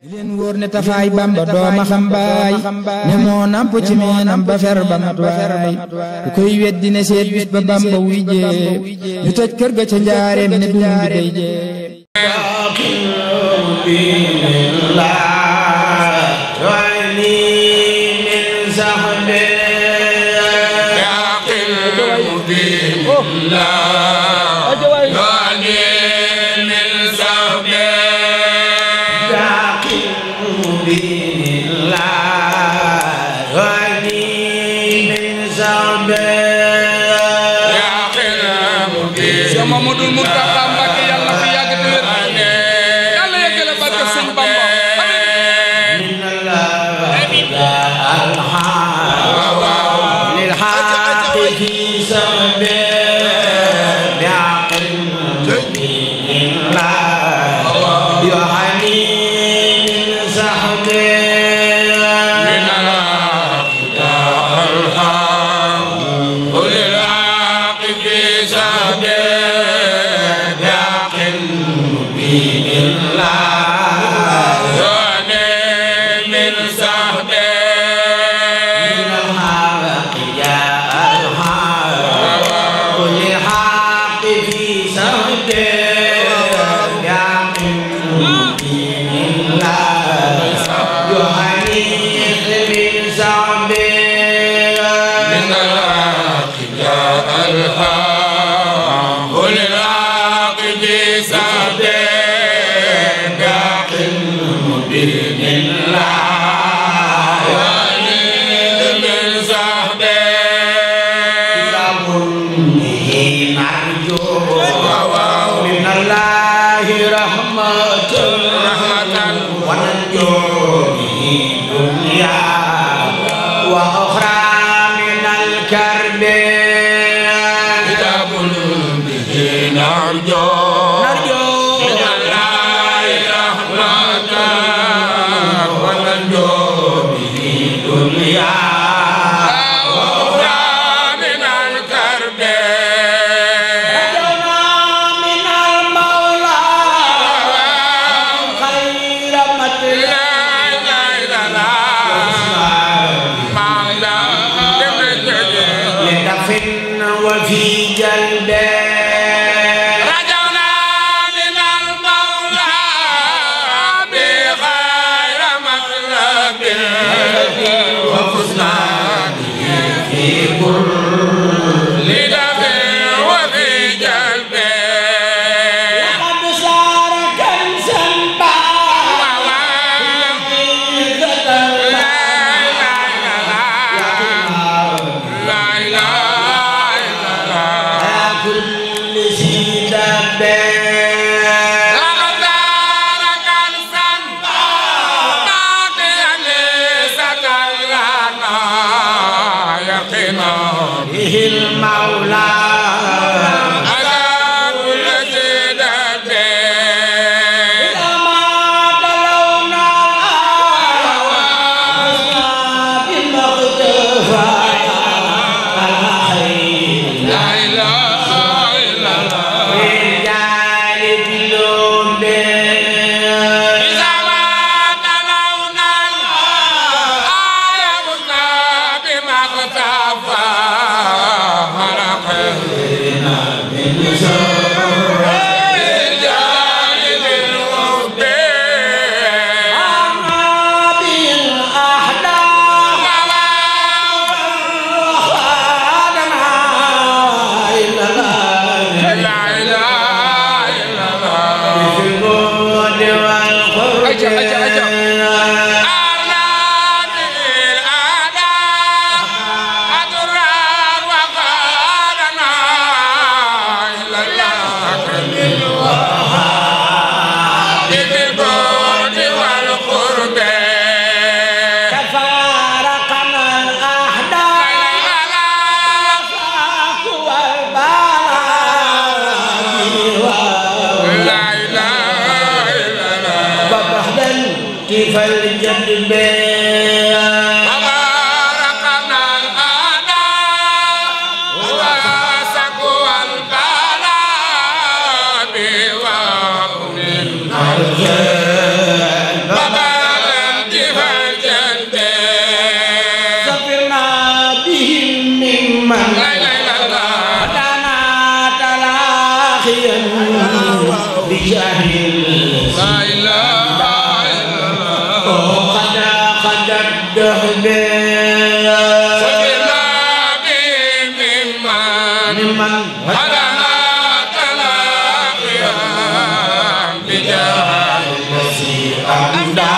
di leen wóor ne tafaay bamba dooma ne moo namp ci meenam ba fer ba mat ku koy weddi ne seet bis ba bamba wuy jee ñu toj kër ga ca njaareem ne dund bi day jee la illa الكرب كتاب به نرجو في جلبه فالجد بيا تبارك من أنا هو سقوى البلاء ومن الخير tạm đa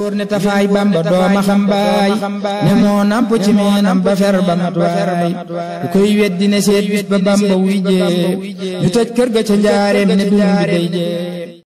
wóor ne tafaay bamba dooma xam baay ne moo namp ci meenam ba fer ba matwaay ku koy weddi ne seet bis ba bamba wuy jee ñu toj kër ga ca njaareem ne dund day jee